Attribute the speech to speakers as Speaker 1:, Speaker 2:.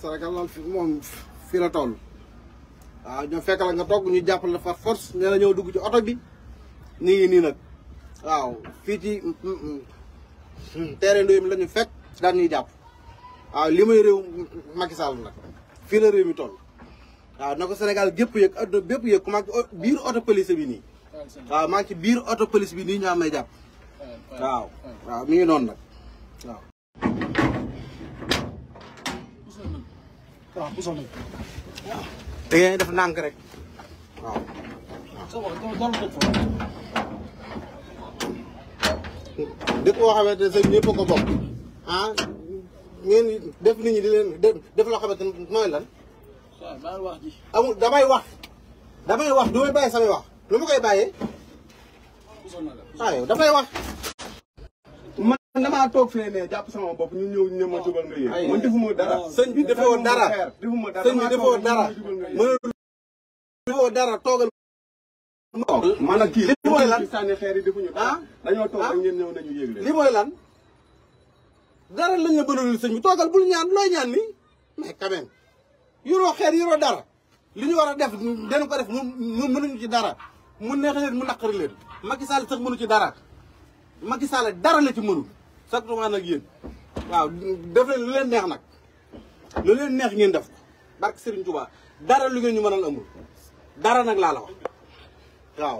Speaker 1: Sénégal loolu fi moom fii la toll waaw ñoo fekk la nga togg ñu la fa force nee na ñëw dugg ci oto bi nii nii nag waaw fii ci mm, mm, mm, terrain Ndoye mi la fekk daan ñuy jàpp waaw li may réew Macky Sall nag fii la réew mi tool waaw na senegal Sénégal gépp yëg adduna bépp yëg ku maa ngi biir oto police bi nii waaw maa ci biir oto police bi nii ñoo may jàpp waaw waaw mi ngi noonu nag waaw waaw bu da ngay def ndànk rek waaw. waaw dëkk boo xamante ne ñëpp a bokk ah ngeen def nit ñi di leen def loo xamante ne mooy lan. amul damay wax. damay wax du may bàyyi samay wax lu ma koy bàyyee. waaw ah, yow damay wax. naa toog jàpp sama bopp ñu ñëw ñu ne ma jubal nga yéen man defuma dara sëñ bi defoo dara sëñ bi dara toogal man kii li mooy lan sànni xeer yi defuñu dara ah? dañoo toog rek ah? ngeen nañu yéeg li mooy la bënalul sëñ bi toogal bul ñaan looy ñaan ni mais quand même yoroo xeer yoroo dara li ñu war a def dañu ko def mu mënuñu ci dara mu neex leen mu naqari leen Macky Sall sax mënu ci dara Macky Sall dara la ci mënul sacrement nag yéen waaw def lu leen neex nag lu leen neex ngeen def ko barke Serigne Touba dara lu ngeen ñu mënal amul dara nag laa la waaw